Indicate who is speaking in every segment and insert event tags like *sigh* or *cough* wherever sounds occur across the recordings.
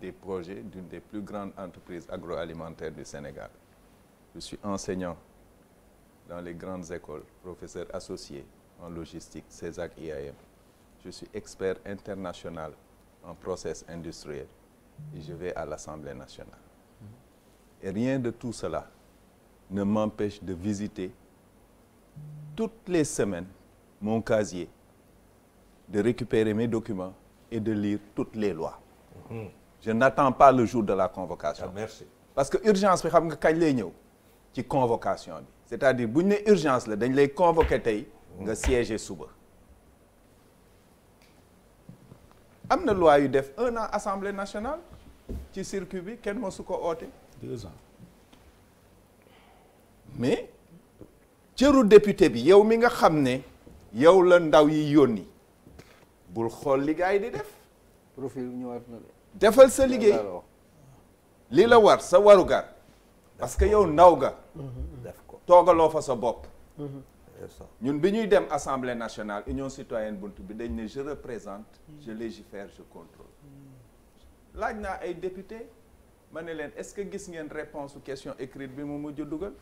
Speaker 1: des projets d'une des plus grandes entreprises agroalimentaires du Sénégal. Je suis enseignant dans les grandes écoles, professeurs associé en logistique CESAC IAM. Je suis expert international en process industriel et je vais à l'Assemblée nationale. Et rien de tout cela ne m'empêche de visiter toutes les semaines mon casier, de récupérer mes documents et de lire toutes les lois. Mm-hmm. je n'attends pas le jour de la convocation. Ah, parce que urgence bi xam nga kañ lay ñëw ci convocation bi c'est-à-dire bu ñu ne urgence la dañ lay convoquer tey nga siéger suba. am na loi yu def un an assemblée nationale ci circuit bi kenn mosu ko oote. deux mais cëru député bi yow mi nga xam ne yow la ndaw yi yónni bul xool li yi di def. defal sa liggéey li la war sa warugar parce que yow ndaw ga def ko toogaloo fa sa bopp ñun bi ñuy dem assemblée nationale union citoyenne buntu bi dañ ne je représente je légifère je contrôle laaj naa ay député ma ne leen est-ce que gis ngeen réponse aux question écrite bi mu mujj dugal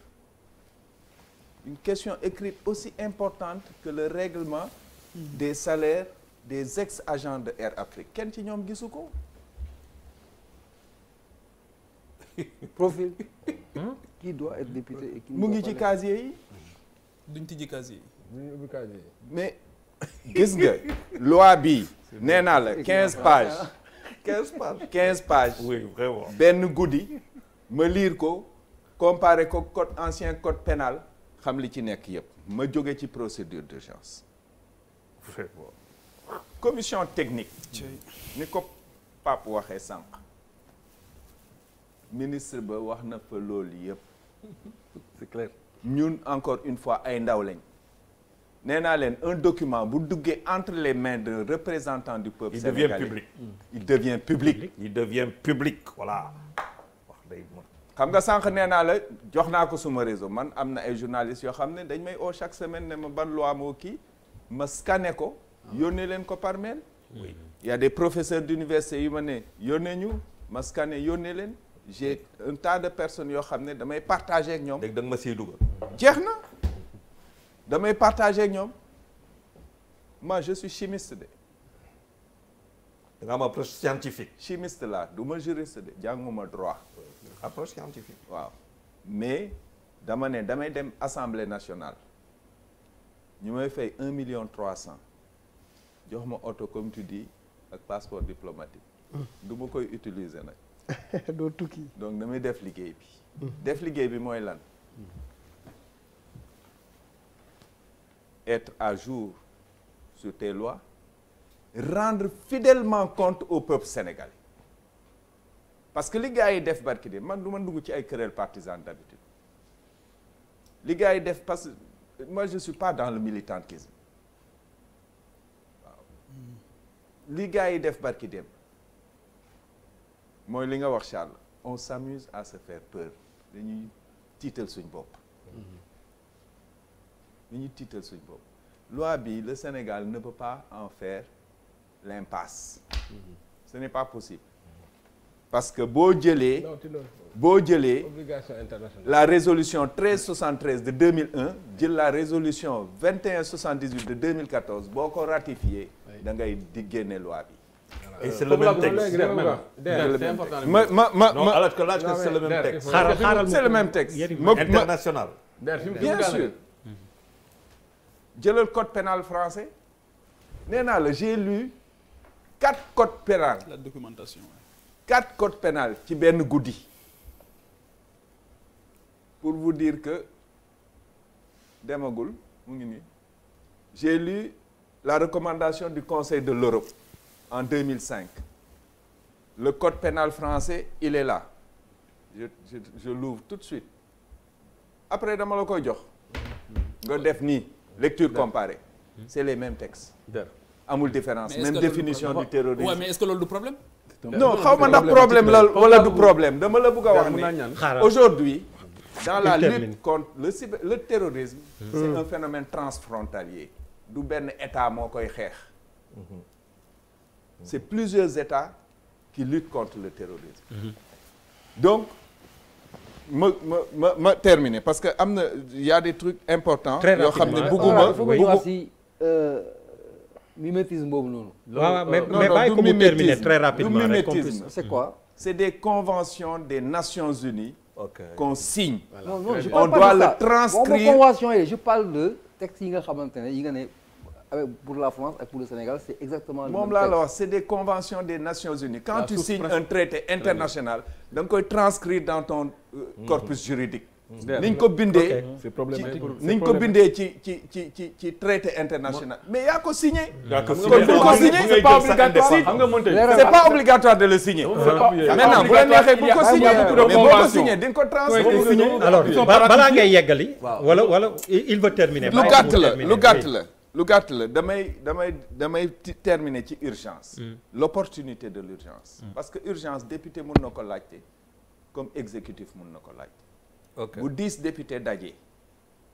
Speaker 1: une question écrite aussi importante que le règlement mm-hmm. des salaires des ex-agents de Air Afrique kenn ci ñoom gisu ko profil. Hmm? qui doit être député et qui mu ngi ci casier yi. duñ tijji casier yi. mais gis nga. loi bi nee naa la quinze pages. quinze pages quinze pages. oui vraiment benn guddi. ma liir ko comparé ko code ancien code pénal xam li ci nekk yëpp. ma jóge ci procédure d'urgence. vraiment. commission technique. ni ko Pape waxee sànq. ministre ba wax na fa loolu yëpp *laughs* c'est clair ñun encore une fois ay ndaw lañ nee naa leen un document bu duggee entre les mains de représentants du peuple sénégalais mm. il devient public il devient public voilà wax day xam nga sànq nee naa la jox naa ko suma réseau man am na ay journalistes yoo xam ne dañ may o chaque semaine ne ma ban loi moo kii ma scanné ko yónnee leen ko par mail il y professeur des professeurs d'université yu ma ne yónnee ñu ma scanné yónnee leen j'ai de personnes yoo xam ne damay partager ñoom. léegi da nga ma siy dugal. jeex na damay partager ak ñoom moi je suis chimiste de. da nga am approche scientifique. chimiste laa du ma juriste de jànguma droit. approche scientifique. waaw mais dama ne damay dem assemblée nationale ñu may fay un million trois cent jox ma oto comme tu dis ak passeport diplomatique. Mm. du ma koy utiliser nag. *laughs* doo tukki. donc damay def liggéey bi. Mm. def liggéey bi mooy lan. Mm. être à jour sur tes lois. rendre fidèlement compte au peuple sénégalais. parce que li gars yi def barki de man du ma dugg ci ay querelles partisanes d'habitude li gars yi def parce que moi je suis pas dans le militantisme waaw mm. li gars yi def barki dem mooy li nga wax Charles on s'amuse à se faire peur dañuy tiital suñ bopp dañuy tiital suñ bopp loi bi le Sénégal ne peut pas en faire l'impasse ce n'est pas possible parce que boo jëlee boo jëlee la résolution 1373 de 2001 jël la résolution 2178 de 2014 boo ko ratifié da ngay di génne loi bi et c'est le même texte c'est important ma ma ma ma alors que laaj que c'est le même texte. xaaral xaaral c'est international. bien sûr. jëlal code pénal français nee naa la j'ai lu quatre codes pénal. la documentation. quatre codes pénal ci benn guddi. pour vous dire que demagul mu ngi nii j'ai lu la recommandation du Conseil de l'Europe. en 2005. Le code pénal français, il est là. Je, je, je l'ouvre tout de suite. Après, dama la koy jox nga def nii lecture comparée. Hmm. c'est les mêmes textes. amul différence même définition du terrorisme. waaw mais est-ce que loolu du problème. non xaw ma ndax problème la wala du problème dama la bëgg a wax ni aujourd'hui dans la lutte contre le cyber le terrorisme. Hmm. c'est un phénomène transfrontalier. du benn état moo koy xeex. Hmm. C'est plusieurs États qui luttent contre le terrorisme. Mm -hmm. Donc, ma ma ma ma terminer parce que am na y a des trucs importants. très yoo xam ne bugguma bugguma si euh, mimétisme boobu noonu. waaw mais euh, mais bàyyi ko mu terminer très mm. des conventions des Nations Unies. qu'on signe. on doit le transcrire. je parle de texte yi nga xamante ne nga ne. avec pour la France ak pour le Sénégal c'est exactement. le même moom la wax c'est des conventions des Nations Unies. quand la tu signes un traité international. da nga koy dans ton. Euh, corpus juridique. Mm-hmm. Mm-hmm. ni ñu ko bindee. c'est problématique ni ñu ko bindee ci ci ci ci ci traité international. mais yaa ko signé. yaa ko signé kon ko signé c'est pas obligatoire. de le signer. Oh, mais boo ko signé di nga ko transcrire. alors wala wala il veut terminer. lu gàtt la la. lu gàtt la damay damay damay terminer ci urgence mm. l'opportunité de l'urgence mm. parce que urgence député mun na ko laajte comme exécutif mun na ko laajte bu dix député dajee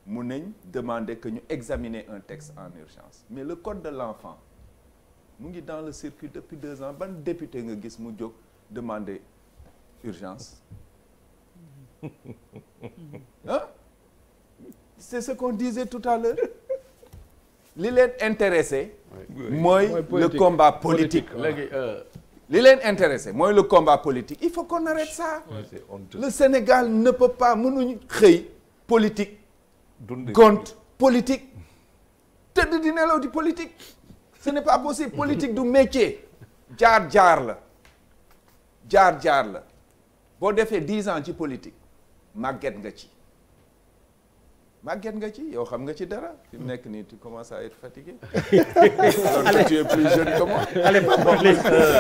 Speaker 1: mun nañ demander que ñu examiner un texte en urgence mais le code de l'enfant mu ngi dans le circuit depuis deux ans ban député nga gis mu jóg demander urgence ah *laughs* c'est ce qu'on disait tout à l'heure li leen intéressé mooy le combat politique euh, li leen intéressé mooy le combat politique il faut qu'on arrête sa le Sénégal ne peut pas mënuñ xëy politique compte politique tëdd di nelaw di politique ce n'est pas possible politique du métier jaar-jaar la jaar-jaar la boo defee dix ans ci politique màgget nga ci màgget nga ci yow xam nga ci dara. fi mu nekk nii tu commences à être fatigué. *laughs* alors que tu *laughs*